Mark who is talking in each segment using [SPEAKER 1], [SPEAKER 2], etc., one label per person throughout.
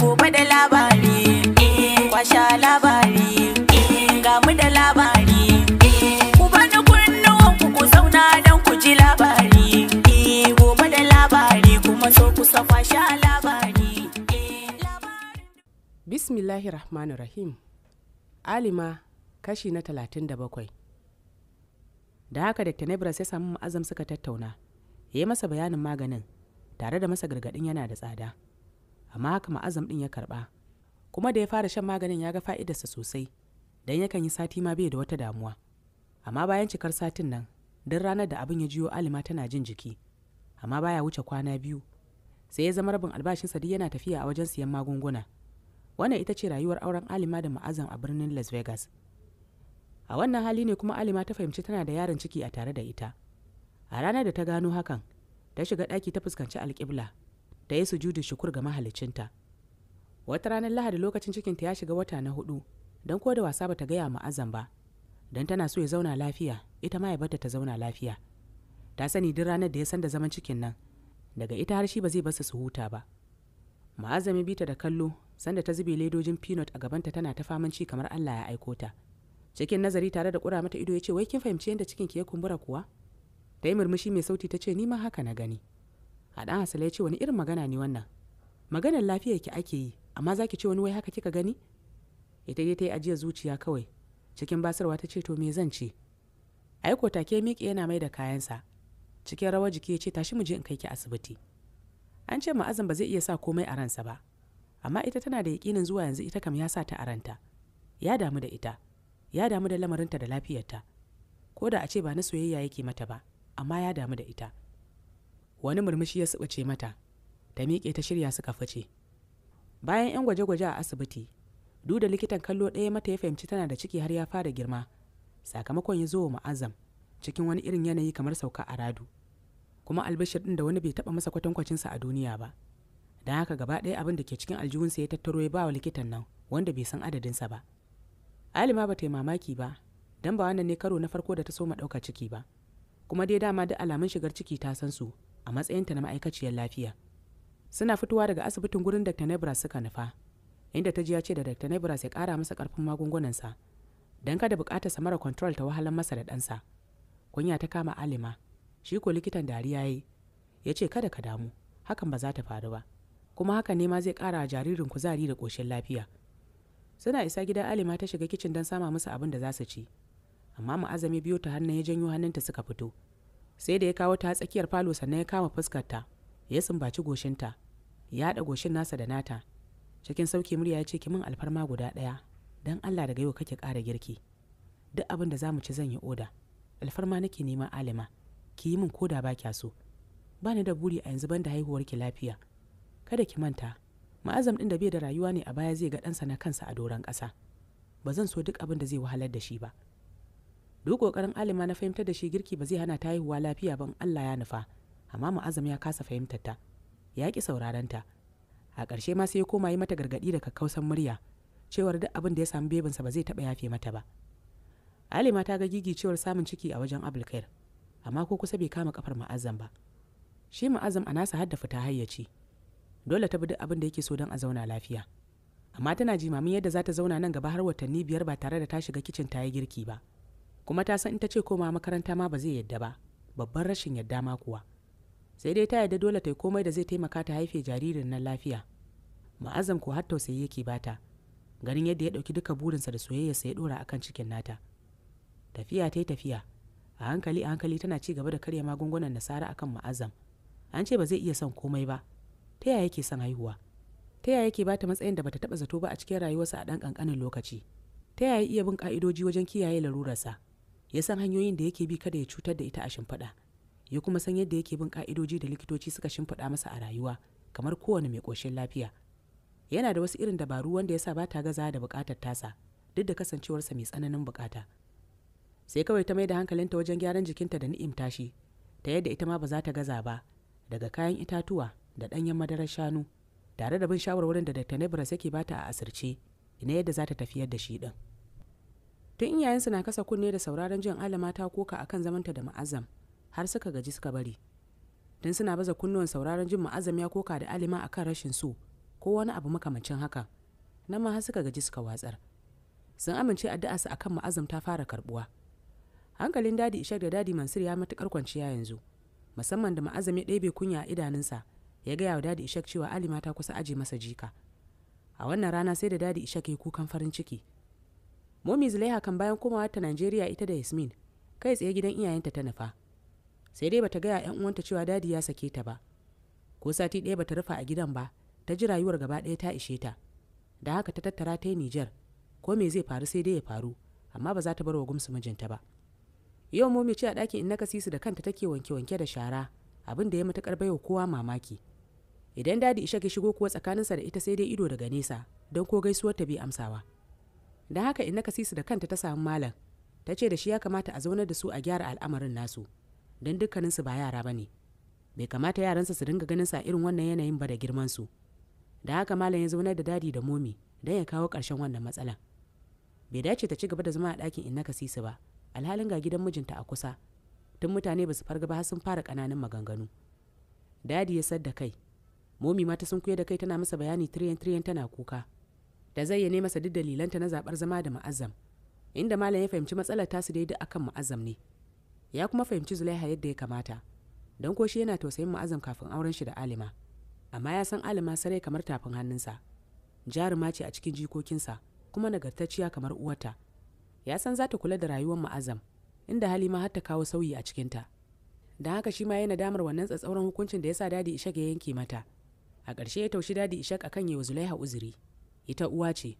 [SPEAKER 1] gobe da labari eh, kwasha labari eh, ga mu da labari eh, ku bani kunnuwan ku ku zauna don ku ji labari gobe da labari kuma so ku sa kwasha labari bismillahir rahmanir rahim alima kashi na 37 da haka da tenebra sai samu azam suka tattauna ya yi masa bayanin maganin tare da masa gargadin yana da tsada amma haka ma'azam ɗin ya karba. kuma da ya fara shan maganin ya ga fa'idarsa sosai don yakan yi sati ma bai da wata damuwa amma bayan cikar satin nan don ranar da abin ya jiyo alima tana jin jiki amma baya wuce kwana biyu sai ya zama rabin albashinsa duk yana tafiya a wajen siyan magunguna wannan ita ce rayuwar auren alima da ma'azam a birnin las vegas a wannan hali ne kuma alima ta fahimci tana da yaron ciki a tare da ita a ranar da ta gano hakan ta shiga ɗaki ta fuskanci alƙibla ta yi sujudin shukur ga mahalicinta wata ranar lahadi lokacin cikinta ya shiga wata na hudu don ko da wasa bata gaya ma'azan ba don tana so ya zauna lafiya ita ma ya bata ta zauna lafiya ta sani duk ranar da ya san da zaman cikin nan daga ita har shi ba zai basa su huta ba ma'azami bita da kallo sanda ta zube ledojin peanut a gabanta tana ta faman ci kamar allah ya aiko ta cikin nazari tare da kura mata ido ya ce wai kin fahimci yadda cikin ki ya kumbura kuwa ta yi murmushi mai sauti ta ce ni ma haka na gani a dan asala ya ce wani irin magana ne wannan maganar lafiya ki ake yi amma za ki ce wani wai haka kika gani ita dai ta yi ajiyar zuciya kawai cikin basarwa ta ce to me zan ce aiko take miƙe yana mai da kayansa cikin rawa jiki ya ce tashi mu je in kai ki asibiti an ce ma ma'azin ba zai iya sa komai a ransa ba amma ita tana da yaƙinin zuwa yanzu ita kam ya sa ta a ranta ya damu da ita ya damu da lamarinta da lafiyarta ko da a ce ba na soyayya yake mata ba amma ya damu da ita wani murmushi ya subuce mata ta miƙe ta shirya suka fice bayan 'yan gwaje-gwaje a asibiti duda likitan kallo ɗaya mata ya fahimci tana da ciki har ya fara girma sakamakon ya zo wa ma'azam cikin wani irin yanayi kamar sauka a radu kuma albashir ɗin da wani bai taɓa masa kwatankwacinsa a duniya ba don haka gaba ɗaya abin da ke cikin aljihunsa ya tattaro ya ba wa likitan nan wanda bai san adadinsa ba alima ba ta yi mamaki ba don ba wannan ne karo na farko da ta so ma ɗauka ciki ba kuma dai dama duk alamun shigar ciki ta san su a matsayinta na ma'aikaciyar lafiya suna fitowa daga asibitin gurin dr nebra suka nufa inda ta ji ya ce da dr nebras ya kara masa karfin magungunansa don kada bukatar samara control ta wahalar masa da ɗansa kunya ta kama alima shi ko likitan dariya yi ya ce kada ka damu hakan ba za ta faru ba kuma hakan ne ma zai kara jaririn kuzari da ƙoshin lafiya suna isa gida alima ta shiga kicin don sama musu abin da za su ci amma ma'azami biyu ta hannun ya janyo hannunta suka fito sai da ya kawo ta tsakiyar falo sannan ya kama fuskarta ya sumbaci goshinta ya haɗa goshin nasa da nata cikin sauki murya ya ce ki min alfarma guda ɗaya don allah daga yau kake ƙara girki duk abin da za mu ci zan yi oda alfarma nake nema alima ki yi min koda ba kya so ba ni da buri a yanzu ban da ki lafiya kada ki manta ma'azam ɗin da bai da rayuwa ne a baya zai ga ɗansa na kansa a doron ƙasa ba zan so duk abin da zai wahalar da shi ba. duk kokarin alima na fahimtar da shi girki ba zai hana ta haihuwa lafiya ban allah ya nufa amma azam ya kasa fahimtar ta ya ki sauraron ta a ƙarshe ma sai ya koma yi mata gargaɗi da kakkausan murya cewar duk abin da ya samu bebin sa ba zai taɓa yafe mata ba alima ta ga gigi cewar samun ciki a wajen abulkair amma ko kusa bai kama kafar ma'azam ba shi ma'azam a nasa hadda fita hayyaci dole ta bi duk abin da yake so don a zauna lafiya amma tana jimamin yadda za ta zauna nan gaba har watanni biyar ba tare da ta shiga kicin ta yi girki ba kuma ta san in ta ce koma makaranta ma ba zai yadda ba babban rashin yadda ma kuwa sai dai ta yadda dole ta yi komai da zai taimaka ta haife jaririn nan lafiya ma'azam ko har tausayi yake bata ganin yadda ya ɗauki duka burinsa da soyayyarsa ya ɗora akan cikin nata tafiya ta yi tafiya a hankali a hankali tana ci gaba da karya magungunan nasara akan ma'azam an ce ba zai iya son komai ba ta yaya yake son haihuwa ta yaya yake bata matsayin da bata taɓa zato ba a cikin rayuwarsa a ɗan ƙanƙanin lokaci ta yaya iya bin ƙa'idoji wajen kiyaye larurarsa ya san hanyoyin da yake bi kada ya cutar da ita a shimfiɗa ya kuma san yadda yake bin ka'idoji da likitoci suka shimfiɗa masa a rayuwa kamar kowane mai ƙoshin lafiya yana da wasu irin dabaru wanda ya sa ba ta gaza da buƙatar tasa duk da kasancewarsa mai tsananin buƙata sai kawai ta mai da hankalinta wajen gyaran jikinta da ni'im tashi ta yadda ita ma ba za ta gaza ba daga kayan itatuwa da ɗanyen madarar shanu tare da bin shawarwarin da Dr. Nebras yake bata a asirce ina yadda za ta tafiyar da shi ɗin. tun iyayensu na kasa kunne da sauraron jin alama ta koka akan zamanta da ma'azam har suka gaji suka bari tun suna baza kunnuwan sauraron jin ma'azam ya koka da alima akan rashin so ko wani abu makamancin haka nan ma har suka gaji suka watsar sun amince addu'a su akan ma'azam ta fara karbuwa hankalin dadi ishak da dadi mansur ya matukar kwanciya yanzu musamman da ma'azam ya ɗebe kunya a idanunsa ya gaya wa dadi ishak cewa alima ta kusa aje masa jika a wannan rana sai da dadi ishak ya kukan farin ciki momi zulaiha kan bayan komawa ta najeriya ita da yasmin kai tsaye gidan iyayenta ta nufa sai dai bata gaya yan uwanta cewa dadi ya sake ta ba ko sati ɗaya bata rufe a gidan ba ta ji rayuwar gaba ɗaya ta ishe ta da haka ta tattara ta yi nijar ko me zai faru sai dai ya faru amma ba za ta bar wa gumsu mijinta ba yau momi ce a ɗakin in na kasisu da kanta take wanke-wanke da shara abin da ya matuƙar wa kowa mamaki idan dadi ishe ke shigo kuwa tsakaninsa da ita sai dai ido daga nesa don ko gaisuwar ta bai amsawa don haka inna kasisu da kanta ta samu malam ta ce da shi ya kamata a zaunar da su a gyara al'amarin nasu don dukkaninsu ba yara ba ne bai kamata yaransa su dinga ganin sa irin wannan yanayin ba da girman su da haka malam ya zaunar da dadi da momi don ya kawo ƙarshen wannan matsalan bai dace ta ci gaba da zama a ɗakin inna kasisu ba alhalin ga gidan mijinta a kusa tun mutane ba su farga ba har sun fara kananan maganganu dadi ya sadda kai momi ma ta sun kuya da kai tana masa bayani tiriyan tiriyan tana kuka da zai ne masa duk dalilanta na zaɓar zama da ma'azam inda malam ya fahimci matsalar tasu daidai akan ma'azam ne ya kuma fahimci zulaiha yadda ya kamata don ko shi yana tausayin ma'azam kafin auren shi da alima amma ya san alima sarai kamar tafin hannunsa jaruma ce a cikin jikokinsa kuma nagartacciya kamar uwarta ya san za ta kula da rayuwar ma'azam inda halima har ta kawo sauyi a cikinta don haka shi ma yana damar wannan tsatsauran hukuncin da ya sa dadi ishak ya yanke mata a ƙarshe ya taushi dadi ishak akan yi wa zulaiha uzuri ita uwa ce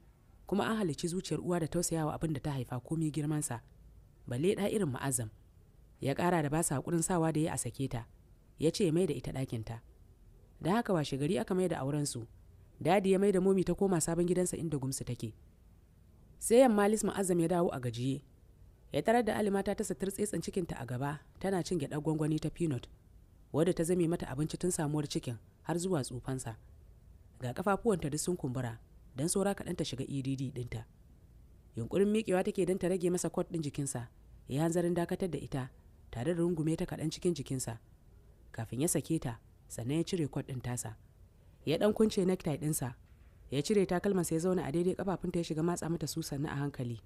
[SPEAKER 1] kuma an halicci zuciyar uwa da tausayawa abin da ta haifa komi girmansa balle ɗa irin ma'azam ya ƙara da ba sa haƙurin sawa da ya a sake ta ya ce mai da ita ɗakinta da haka washe gari aka mai da su. dadi ya mai da momi ta koma sabon gidansa inda gumsu take sai yamma lis ma'azam ya dawo a gajiye ya tarar da alimata ta satar tsitsin cikinta a gaba tana cin gyaɗa gwangwani ta peanut wadda ta zame mata abinci tun samuwar cikin har zuwa tsufansa ga ƙafafuwanta duk sun kumbura don tsora kaɗan ta shiga edd ɗinta yunkurin miƙewa take don ta rage masa kwat ɗin jikinsa ya hanzarin dakatar da ita tare da rungume ta kaɗan cikin jikinsa kafin ya sake ta sannan ya cire kwat ɗin tasa ya ɗan kunce nektai ɗinsa ya cire takalman sai ya zauna a daidai ƙafafunta ya shiga matsa mata su sannu a hankali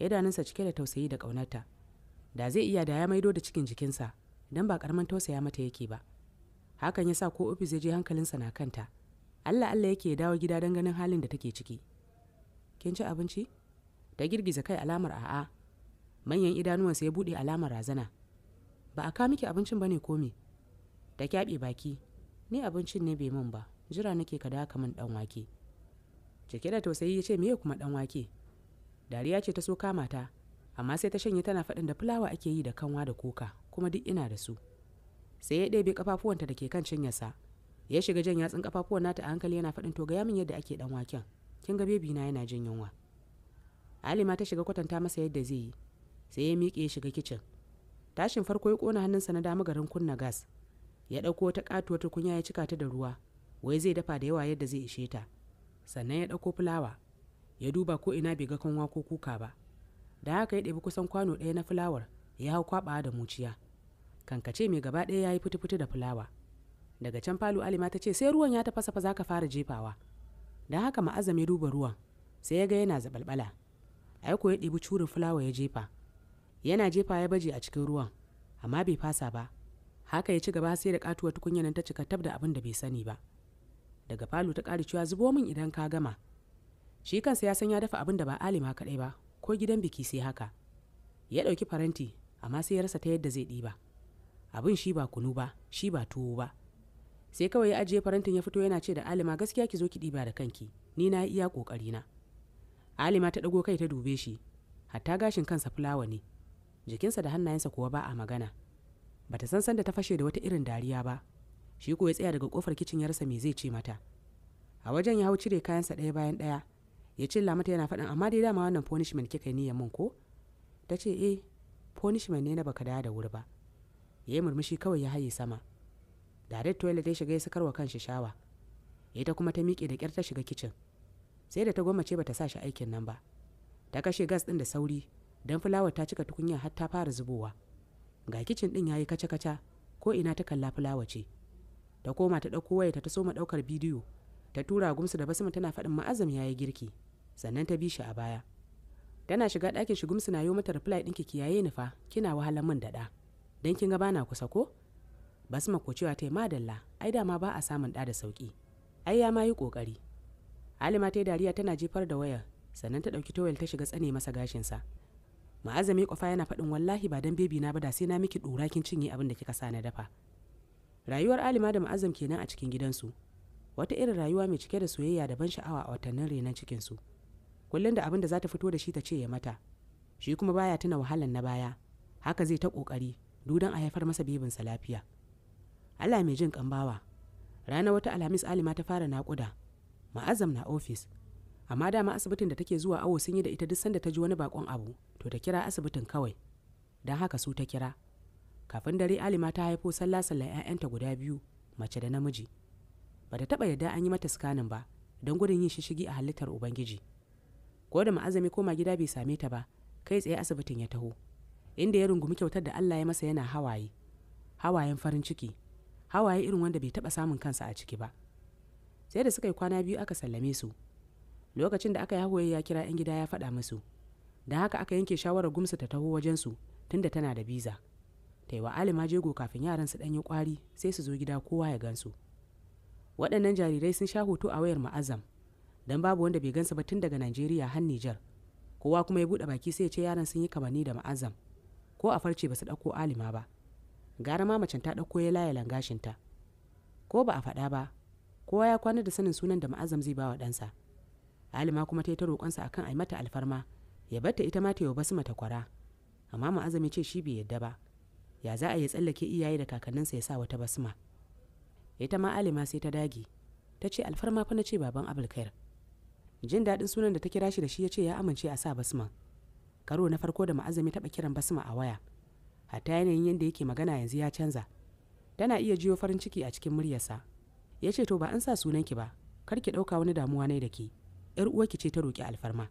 [SPEAKER 1] Ya idanunsa cike da tausayi da ƙaunarta da zai iya da ya maido da cikin jikinsa don ba ƙaramin tausaya mata yake ba hakan ya sa ko ofis ya je hankalinsa na kanta allah allah yake dawo gida don ganin halin da take ciki kin ci abinci ta girgiza kai alamar a'a manyan idanuwansa ya buɗe alamar razana ba a ka miki abincin ba ne ko me ta kyaɓe baki ni abincin ne bai min ba jira nake ka dawo kaman ɗan wake cike da tausayi ya ce meye kuma ɗan wake dariya ce ta so kamata amma sai ta shanye tana faɗin da fulawa ake yi da kanwa da koka kuma duk ina da su sai ya ɗebe kafafuwanta da ke kan cinyarsa ya shiga jan yatsun kafafuwan nata a hankali yana faɗin to ga min yadda ake dan waken kin ga bebi na yana jin yunwa alima ta shiga kwatanta masa yadda zai yi sai ya miƙe ya shiga kicin tashin farko ya kona hannunsa na dama garin kunna gas ya ɗauko ta katuwar tukunya ya cika ta da ruwa wai zai dafa da yawa yadda zai ishe ta sannan ya ɗauko fulawa ya duba ko ina bai ga kanwa ko kuka ba da haka ya ɗebi kusan kwano ɗaya na fulawar ya hau kwaɓa da muciya kankace mai gaba ɗaya ya yi fiti da fulawa daga can falo alima ta ce sai ruwan ya tafasa fa zaka fara jefawa don haka ma'azam ya duba ruwan sai ya ga yana zabalbala ai ko ya ɗibi curin fulawa ya jefa yana jefa ya baje a cikin ruwan amma bai fasa ba haka ya ci gaba sai da katuwar tukunyar ta cika tab da abin da bai sani ba daga falo ta ƙara cewa zubo min idan ka gama shi kansa ya san ya dafa abin da ba alima kaɗai ba ko gidan biki sai haka ya ɗauki faranti amma sai ya rasa ta yadda zai ɗiba abin shi ba kunu ba shi ba tuwo ba sai kawai ya ajiye farantin ya fito yana ce da alima gaskiya ki zo ki ɗiba da kanki ni na iya ƙoƙari na alima ta ɗago kai ta dube shi hatta gashin kansa fulawa ne jikinsa da hannayensa kuwa ba a magana bata san sanda ta fashe da wata irin dariya ba shi ko ya tsaya daga kofar kicin ya rasa me zai ce mata a wajen ya hau cire kayansa ɗaya bayan ɗaya ya cilla mata yana faɗin amma dai dama wannan punishment kika yi ya mun ko ta ce eh punishment ne na baka da wuri ba ya yi murmushi kawai ya haye sama direct toilet ya shiga ya sakarwa kanshi shawa ita kuma ta miƙe da ƙyar ta shiga kicin sai da ta gwamace bata sa shi aikin nan ba ta kashe gas ɗin da sauri don fulawar ta cika tukunya har ta fara zubowa ga kicin ɗin ya yi kaca-kaca ko ina ta kalla fulawa ce ta koma ta ɗauko waya ta ma ɗaukar bidiyo ta tura gumsu da basma tana faɗin ma'azam ya yi girki sannan ta bi shi a baya tana shiga ɗakin shi gumsu na yi mata reply ɗinki kiyaye ni fa kina wahalar min daɗa. don kin ga bana kusa ko basma ko cewa ta yi madalla ai dama ba a samun ɗa da sauki ai ya ma yi ƙoƙari halima ta dariya tana jefar da wayar sannan ta ɗauki towel ta shiga tsane masa gashinsa ma'azami kwafa yana faɗin wallahi ba dan bebi na ba da sai na miki ɗora kin cinye abin da kika sa na dafa rayuwar alima da ma'azam kenan a cikin gidansu wata irin rayuwa mai cike da soyayya da ban sha'awa a watannin renon cikinsu kullum da abin da za ta fito da shi ta ce ya mata shi kuma baya tuna wahalan na baya haka zai ta ƙoƙari dudan a haifar masa bebinsa lafiya allah mai jin kambawa rana wata alhamis alima ta fara naƙuda ma'azam na ofis amma dama asibitin da take zuwa awo sun yi da ita duk sanda ta ji wani bakon abu to ta kira asibitin kawai don haka su ta kira kafin dare alima ta haifo sallah sallah 'ya'yanta guda biyu mace da namiji ba ta taɓa yadda an yi mata sikanin ba don gudun yin shishigi a halittar ubangiji ko da ma'azami koma gida bai same ta ba kai tsaye asibitin ya taho inda ya rungumi kyautar da allah ya masa yana hawaye hawayen farin ciki hawaye irin wanda bai taɓa samun kansa a ciki ba sai da suka yi kwana biyu aka sallame su lokacin da aka yi hawaye ya kira 'yan gida ya faɗa musu da haka aka yanke shawarar gumsa ta taho wajen su. tunda tana da biza ta yi wa alima jego kafin yaran su ɗanyi kwari. sai su zo gida kowa ya gansu waɗannan jarirai sun sha hoto a wayar ma'azam don babu wanda bai gansa ba tun daga najeriya har nijar kowa kuma ya buɗe baki sai ya ce yaran sun yi kamanni da ma'azam ko a farce ba su ɗauko alima ba gara ma macen ta ɗauko ya laye langashinta ko ba a faɗa ba kowa ya kwana da sanin sunan da ma'azam zai ba wa ɗansa alima kuma ta yi ta roƙonsa akan yi mata alfarma ya bar ta ita ma ta yi basu mata kwara amma ma'azam ya ce shi bai yadda ba ya za a yi tsallake iyaye da kakanninsa ya sa wata basma ita ma alima sai ta dage ta ce alfarma fa na ce baban abulkair jin daɗin sunan da ta kira shi da shi ya ce ya amince a sa basman karo na farko da ma'azami taɓa kiran basma a waya hatta yanayin yadda yake magana yanzu ya canza tana iya jiyo farin ciki a cikin muryarsa ya ce to ba an sa sunan ki ba kar ki ɗauka wani damuwa ne da ke yar uwa ki ce ta roƙi alfarma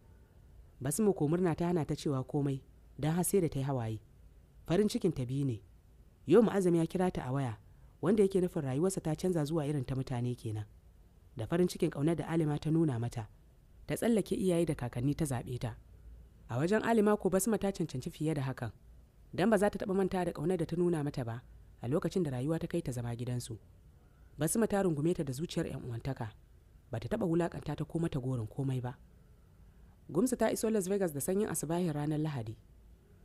[SPEAKER 1] basma ko murna ta hana ta cewa komai don har sai da ta yi hawaye farin cikin ta biyu ne yau ma'azam ya kira ta a waya wanda yake nufin rayuwarsa ta canza zuwa irin ta mutane kenan da farin cikin ƙaunar da alima ta nuna mata ta tsallake iyaye da kakanni ta zaɓe ta a wajen alima ko basma ta cancanci fiye da hakan Don ba za ta taɓa manta da ƙaunar da ta nuna mata ba a lokacin da rayuwa ta kai ta zama gidansu basima ta rungume ta da zuciyar 'yan uwantaka ba ta taɓa wulaƙanta ta ko ta gorin komai ba gumsa ta iso las vegas da sanyin asibahin ranar lahadi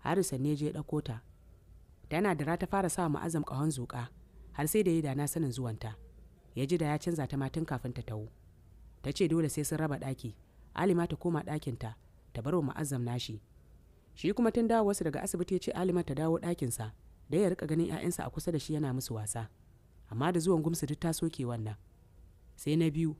[SPEAKER 1] harrison ne je ɗauko ta tana da rata fara sa ma'azam ƙahon zuƙa har sai da ya dana sanin zuwanta ya ji da ya canza ta matan kafin ta tawo ta ce dole sai sun raba ɗaki alima ta koma ɗakinta ta bar wa ma'azam nashi shi kuma tun dawowarsa daga asibiti ya ce alima ta dawo ɗakinsa da ya rika ganin 'ya'yansa a kusa da shi yana musu wasa amma da zuwan gumsu duk ta soke wannan sai na biyu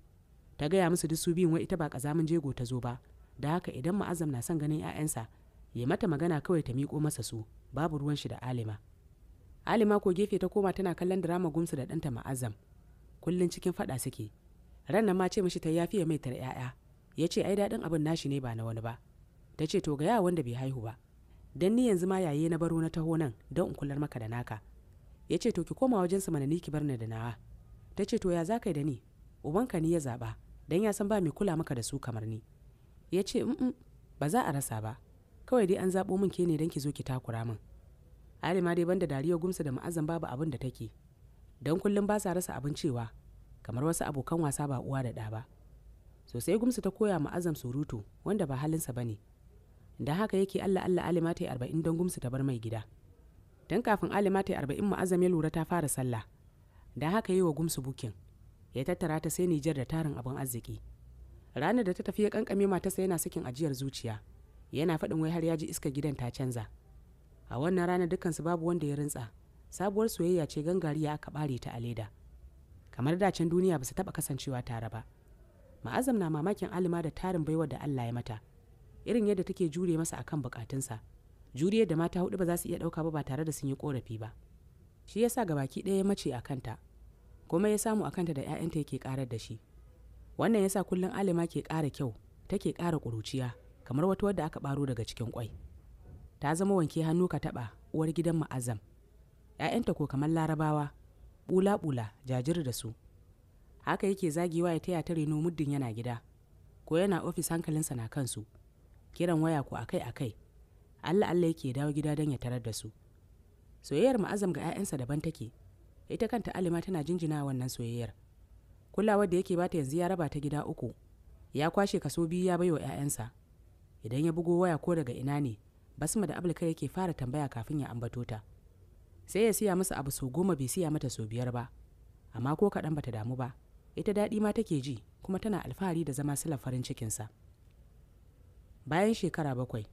[SPEAKER 1] ta gaya musu duk su biyun wai ita ba kazamin jego ta zo ba da haka idan ma'azam na son ganin 'ya'yansa ya mata magana kawai ta miƙo masa su babu ruwan shi da alima alima ko gefe ta koma tana kallon drama gumsu da ɗanta ma'azam kullum cikin faɗa suke ran nan ma ce mishi ta yafiya mai tar 'ya'ya ya ce ai daɗin abin nashi ne ba na wani ba ta ce to gaya wanda bai haihu ba dan ni yanzu ma yaye na baro na taho nan don in kular maka da naka ya ce to ki koma wajen sa mana ni ki bar ni da nawa ta ce to ya za kai da ni ubanka ni ya zaba dan ya san ba mai kula maka da su kamar ni ya ce mm ba za a rasa ba kawai dai an zabo min ke ne dan ki zo ki takura min alima dai banda dariya gumsa da ma'azan babu abin da take Dan kullum ba sa rasa abin cewa kamar wasu abokan wasa ba uwa da ɗa ba sosai gumsa ta koya ma'azam surutu wanda ba halinsa ba ne da haka yake allah allah alima ta yi arba'in don gumsu ta bar mai gida don kafin alima ta yi arba'in ma'azam ya lura ta fara sallah da haka yi wa gumsu bukin ya tattara ta sai nijar da tarin abin arziki ranar da ta tafi ya kankame matarsa yana sakin ajiyar zuciya yana faɗin wai har ya ji iska gidan ta canza a wannan ranar dukkansu babu wanda ya rintsa sabuwar soyayya ce gangariya aka bare ta a leda kamar da can duniya ba su taɓa kasancewa tare ba ma'azam na mamakin alima da tarin baiwa da allah ya mata irin yadda take jure masa akan bukatunsa juriyar da mata hudu ba za su iya dauka ba ba tare da sun yi korafi ba shi yasa baki ɗaya mace a kanta kuma ya samu a kanta da 'ya'yanta yake karar da shi wannan yasa kullum alima ke ƙara kyau take ƙara ƙuruciya kamar wata wadda aka ɓaro daga cikin kwai ta zama wanke hannu ka taɓa uwar gidan ma'azam 'ya'yanta ko kamar larabawa bula-bula jajir da su haka yake zagewa ya taya ta reno muddin yana gida ko yana ofis hankalinsa na kansu kiran waya ku akai akai allah allah yake dawo gida don ya tarar da su soyayyar ma'azam ga 'ya'yansa daban take ita kanta alima tana jinjina wannan soyayyar kulawar da yake bata yanzu ya raba ta gida uku ya kwashe kaso biyu ya wa 'ya'yansa idan ya bugo waya ko daga ina ne basma da abulka yake fara tambaya kafin ya ambato ta sai ya siya masa abu sau goma bai siya mata sau biyar ba amma ko kaɗan bata damu ba ita daɗi ma take ji kuma tana alfahari da zama sila farin cikinsa. bayan shekara bakwai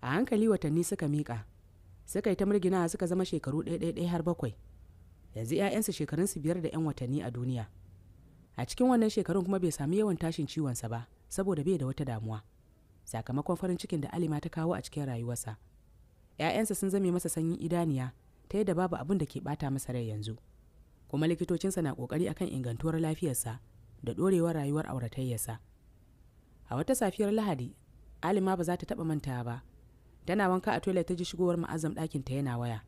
[SPEAKER 1] a hankali watanni suka miƙa suka yi ta murgina suka zama shekaru ɗaya ɗaya har bakwai yanzu 'ya'yansa su biyar da 'yan watanni a duniya a cikin wannan shekarun kuma bai sami yawan tashin ciwonsa ba saboda bai da wata damuwa sakamakon farin cikin da alima ta kawo a cikin rayuwarsa 'ya'yansa sun zame masa sanyin idaniya ta yadda babu abin da ke bata masa rai yanzu kuma likitocinsa na kokari akan ingantuwar lafiyarsa da ɗorewar rayuwar auratayyarsa a wata safiyar lahadi alima ba za ta taɓa mantawa ba tana wanka a toilet ta ji shigowar ma'azam ɗakinta yana waya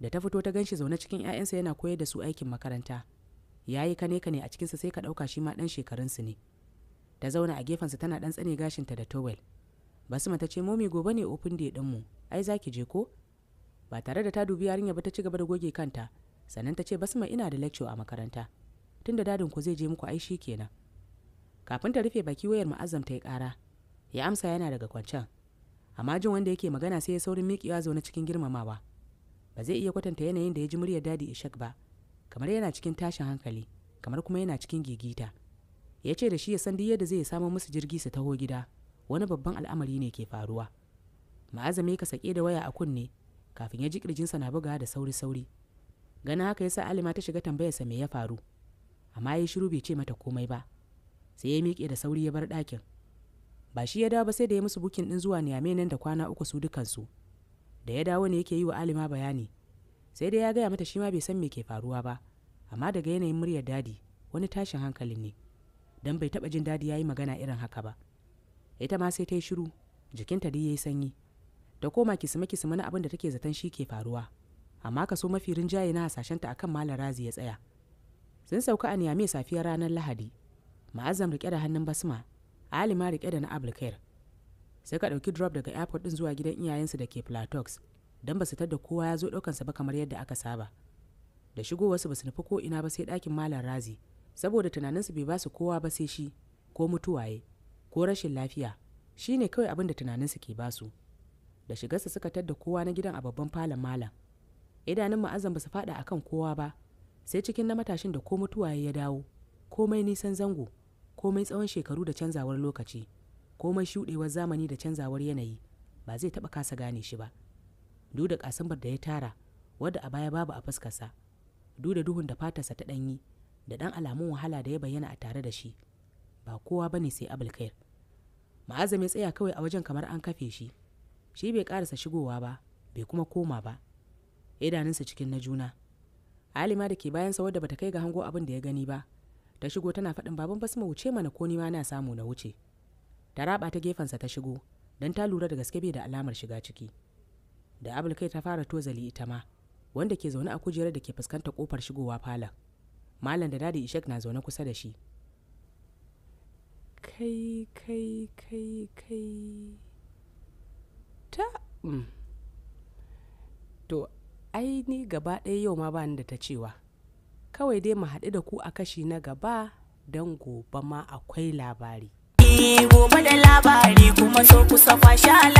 [SPEAKER 1] da ta fito ta ganshi zaune cikin 'ya'yansa yana koyar da su aikin makaranta ya yi kane kane a cikinsa sai ka ɗauka shi ma ɗan shekarunsu ne ta zauna a gefensa tana ɗan tsane gashinta da towel basma ta ce momi gobe ne ofin da ya ɗanmu ai za ki je ko ba tare da ta dubi yarinya ba ta ci gaba da goge kanta sannan ta ce basma ina da lecture a makaranta tunda dadin ku zai je muku ai shi kenan kafin ta rufe baki wayar ma'azam ta yi ƙara ya amsa yana daga kwancen amma jin wanda yake magana sai ya saurin miƙewa zaune cikin girmamawa ba zai iya kwatanta yanayin da ya ji muryar dadi ishak ba kamar yana cikin tashin hankali kamar kuma yana cikin gigita ya ce da shi ya san duk yadda zai samo musu jirgi su taho gida wani babban al'amari ne ke faruwa ma'azami ka sake da waya a kunne kafin ya ji kirjinsa na buga da sauri-sauri ganin haka ya sa alima ta shiga tambayarsa me ya faru amma ya shiru bai ce mata komai ba sai ya miƙe da sauri ya bar ɗakin ba shi ya dawo ba sai da ya musu bukin din zuwa niyame nan da kwana uku su dukansu da ya dawo ne yake yi wa alima bayani sai dai ya gaya mata shi ma bai san me ke faruwa ba amma daga yanayin muryar dadi wani tashin hankalin ne don bai taba jin dadi ya yi magana irin haka ba ita ma sai ta yi shiru jikinta dai ya yi sanyi Ta koma kisima kisima na abin da take zaton shi ke faruwa amma kaso mafi rinjaye na hasashenta akan malar razi ya tsaya sun sauka a niyame safiyar ranar lahadi ma'azam rike da hannun basma alima rike da na abulkair sai ka ɗauki drop daga airport ɗin zuwa gidan iyayensu da ke platox don ba su tadda kowa ya zo ɗaukansa ba kamar yadda aka saba da shigowarsu ba su nufi ko ina ba sai ɗakin malam razi saboda tunaninsu bai ba su kowa ba sai shi ko mutuwaye ko rashin lafiya shi ne kawai abin da tunaninsu ke ba su da shigarsa suka tadda kowa na gidan a babban falon malam idanun ma'azan ba su faɗa akan kowa ba sai cikin na matashin da ko mutuwaye ya dawo komai nisan zango komai tsawon shekaru da canzawar lokaci komai shuɗewar zamani da canzawar yanayi ba zai taɓa kasa gane shi ba Duda da kasambar da ya tara wadda a baya babu a fuskarsa Duda duhun da fatarsa ta ɗanyi da ɗan alamun wahala da ya bayyana a tare da shi ba kowa ba ne sai abulkair ma'azam ya tsaya kawai a wajen kamar an kafe shi shi bai ƙarasa shigowa ba bai kuma koma ba idanunsa cikin na juna alima da ke bayansa wadda bata kai ga hango abin da ya gani ba ta shigo tana faɗin baban basma wuce mana ko nima na samu na wuce ta raba ta gefensa ta shigo don ta lura da gaske bai da alamar shiga ciki da abul kai ta fara tozali ita ma wanda ke zaune a kujerar da ke fuskantar kofar shigowa falon malam da dadi ishak na zaune kusa da shi kai kai kai kai ta mm. to ai ni gaba ɗaya yau ma ba ni da ta cewa kawai dai mu haɗu da ku a kashi na gaba don gobe ma akwai labari. gobe da labari kuma so kusa kwashe